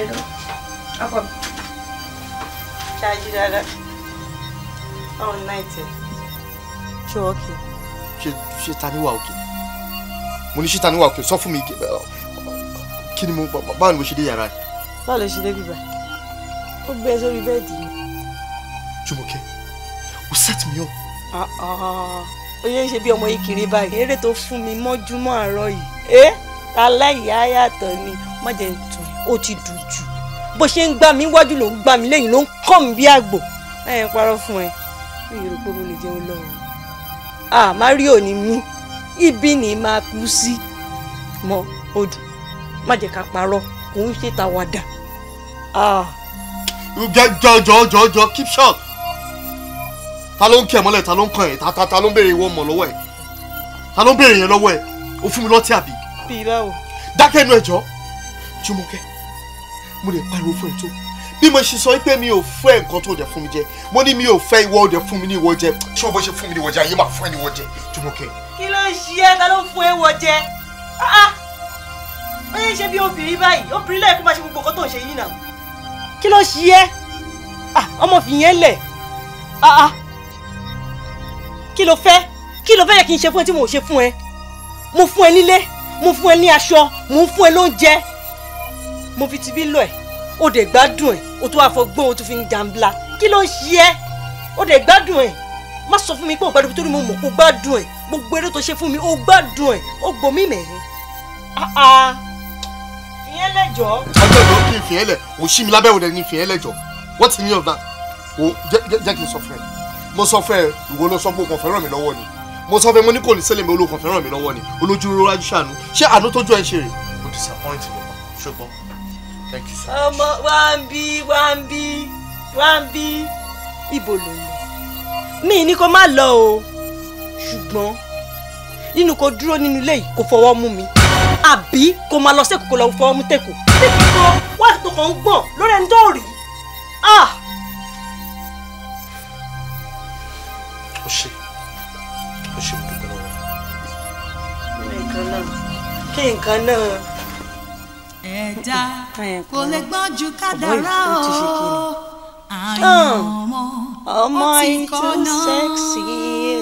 hello ọkọ Charge dáadáa all night ẹ ṣé òkè. She, ṣé ta ni wà òkè mo ní ṣé ta ni wà òkè sọ fún mi kí ni mo báwo ni mo ṣe dé yàrá ẹ. báwo ló ṣe dé bíbá ó gbé sórí bẹ́ẹ̀dì yìí. Jùmọ̀kẹ́ o set me up. ó yẹ ṣe bí ọmọ yìí kiri báyìí eré tó fún mi mọ́júmọ́ àárọ̀ yìí ẹ́ eh? aláìyá yàtọ̀ ni mọ̀jẹ̀ tún ó ti dùn bó ṣe ń gbá mi wájú ló ń gbá mi lẹ́yìn ló ń kọ́ mi bí àgbò ẹ ẹ parọ́ fún ẹ mi ò rò pé mo lè jẹ́ olóhùn à mario ni mí ibi ni máa kú sí mọ odù má jẹ́ ká parọ́ kò ń ṣe tàwàdà. jọjọjọjọjọ keep short ta ló ń kí ẹ mọ́lẹ̀ ta ló ń kàn ẹ ta ta ló ń béèrè ìwọ ọmọ lọ́wọ́ ẹ ta ló ń béèrè yẹn lọ́wọ́ ẹ o fún mi lọ́tí àbí. bí báwo. dákẹ́ inú ẹ̀jọ́ jùmọ̀kẹ́ mo lè pariwo fún ẹ tó bí mo ṣe sọ pé mi ò fẹ́ nǹkan tó dẹ̀ fún mi jẹ mo ní mi ò fẹ́ ìwọ òdẹ̀ fún mi ní ìwọ jẹ ṣé o bó ṣe fún mi ní ìwọ jẹ ayé máa fún ẹ ní ìwọ jẹ jùmọ̀kẹ́. kí ló ń ṣe ẹ ta ló fún ẹ wọ jẹ ah, ah. ó yẹ ṣe bí obìnrin báyìí obìnrin lẹ́ẹ̀kú máa ṣe gbogbo nǹkan tó ń ṣe yìí náà. kí ló ṣe ẹ ah, ọmọ fìyẹn lẹ̀ kí ló fẹ́ kí ló fẹ́ yẹ kí n ṣe fún ẹ tí mo ò ṣe fún ẹ mo fún ẹ nílé mo fún ẹ ní aṣọ mo fún ẹ lóúnjẹ mo fi tibí lọ ẹ̀ ó dẹ̀ gbádùn ẹ̀ ó tún àfọgbọ́n ó tún fi ń jàǹbla kí ló ń ṣe ẹ́ ó dẹ̀ gbádùn ẹ̀ má sọ fún mi pé ò gbádùn torí mo mọ̀ kó gbádùn ẹ̀ gbogbo eré tó ṣe fún mi ó gbádùn ẹ̀ ó gbòmí mẹ́rin fìyẹn lẹ́jọ́. ọjọ́ ìlú kí n fìyẹn lẹ̀ ò sí mi lábẹ́ òde ni fìyẹn lẹ́jọ́ what's the meaning of that? o jẹ́ kí n sọ fún ẹ mo sọ fún ẹ ìwọ ló sọ pé o kàn fẹ́ ràn mí lọ́wọ́ ni mo sọ fún ẹ mo ní kò ní ṣẹlẹ̀ mi olóòkàn fẹ́ ràn mí lọ́wọ́ ni olójú rọra ṣàánú ṣé àánú tójú ẹ ṣe rè. o disappoint mi ṣùgbọ́n ọmọ wá ń bí wá ń bí wá ń bí ibo ló lọ mi ní kó má lọ o ṣùgbọ́n nínú kó dúró nínú ilé yìí kó fọwọ́ mú mi àbí kó máa lọ sẹ́kù kó lọ fọwọ́ mú tẹ̀kù tẹ̀kù kan wá tó kàn ń gbọ̀n lórí ẹni tó rí ah. ó ṣe ó ṣe mo dúpẹ́ lọ́wọ́. kí nǹkan náà ẹ̀dá kò lè gbọ́n ju kádàrá o àyàn ah, ọmọ ó ti kọ́